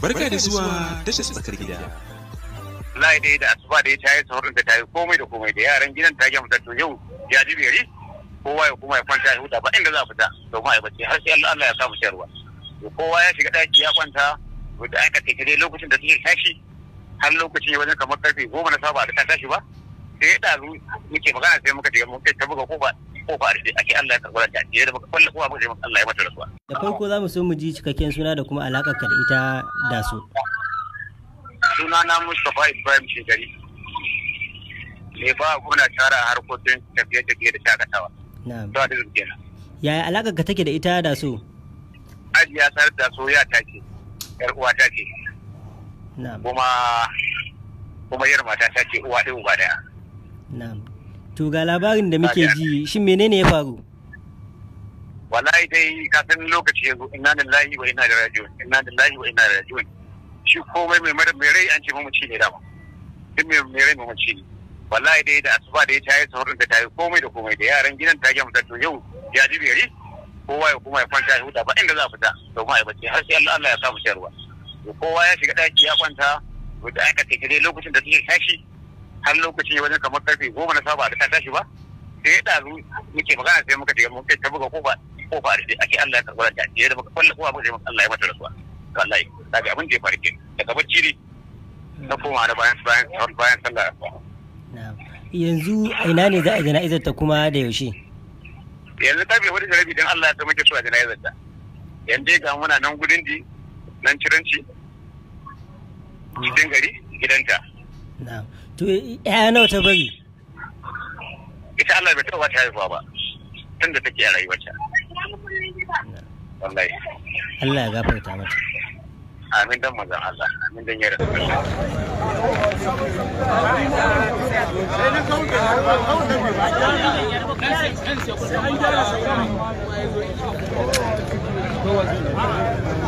Barka da zuwa tashar tsakar gida. Lai dai da asuba da ya tayi saurin da tayi komai da komai da yaran gidan ta gama to yau ya ji beri kowa ya kuma ya kwanta ya huta ba inda za a fita to ma aibace har sai Allah ya samu sharwa. Kowa ya shiga ɗaki ya kwanta da aka teke dai lokacin da suke tashi har lokacin ya wajen kamar karfe goma na saba da ta tashi ba sai ya ɗazu muke magana sai muka je muka ta buga ko ba. kofa da ake Allah ya karɓar ta da baka kwalla kowa baka Allah ya mata rasuwa da farko za mu so mu ji cikakken suna da kuma alakar ka da ita da su suna na Mustafa Ibrahim Shigari ne ba gona tara harkokin tafiye-tafiye da shakatawa na'am da kenan yaya alakar ka take da ita da su ajiya sar da soyayya ta ce yar uwa ta ce kuma kuma yar mata ta ce uwa ɗaya uba ɗaya to ga labarin da muke ji shin menene ya faru wallahi dai kafin lokaci yanzu zo inna lillahi wa inna ilaihi raji'un inna lillahi wa inna ilaihi raji'un shi komai mai mara mai rai an ce mamaci ne dama duk mai mai rai mamaci ne wallahi dai da asuba da ya tayi sauran da tayi komai da komai da yaran gidan ta ga to yau ya ji bere kowa ya kuma ya kwanta ya huta ba inda za a fita domin a yi bacci har sai Allah Allah ya samu sharwa kowa ya shiga daki ya kwanta to da aka kai dai lokacin da take tashi har lokaci wajen kamar karfe goma na saba da ta tashi ba sai ya ɗazu muke magana sai muka shiga muka ta buga kofa kofa da ake Allah ya karɓi da ta da muka kwallo kowa muka sai Allah ya mata rasuwa to Allah ya ga abin da ya faru ke daga bacci ne na koma da bayan bayan bayan sallah yanzu ina ne za a jana'izar ta kuma da yaushe yanzu ta bai wani jarabi don Allah ta muke suwa jana'izar ta yanzu ga muna nan gudun di nan ciranci cikin gari gidanta to ya nawa ta bari ita Allah bai taɓa ta haihuwa ba tun da take a rayuwarta wallahi Allah ya gafarta mata amin dan mazan Allah amin dan yara Thank you.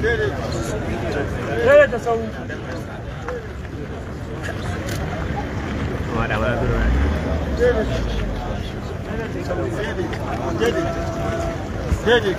Direita, saúde. Bora, bora, bora. Dedic.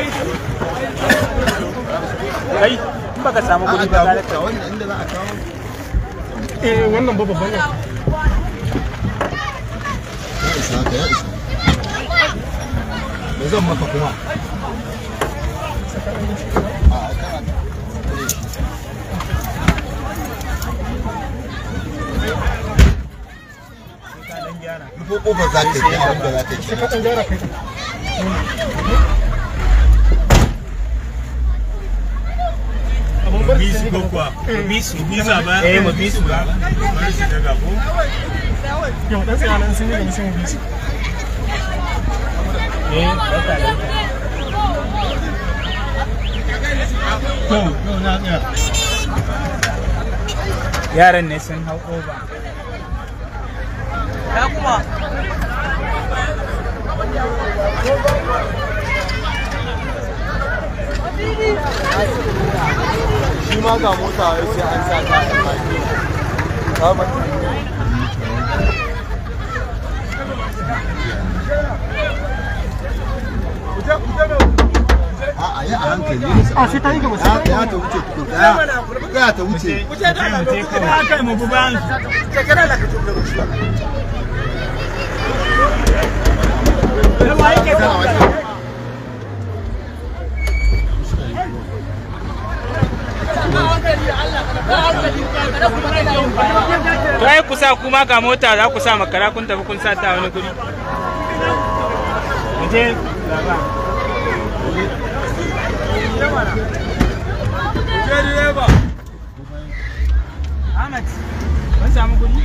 kai in baka samu kuɗi ba za ka wannan inda za a kawo eh wannan ba babban ya isa ka ya isa me zan maka kuma Ko ƙofar za ta yi za ta yi. bi su ko kuwa mu ne sun hau shi ma ga mota wai sai an sa ta a yi a sai ta yi gaba sai ta ta wuce tukun daya daya ta wuce wuce da ala wuce da aka yi mabu ce kana ka tuka wuce to ai kusa kuma ga mota za ku sa makara kun tafi kun sa ta wani guri guri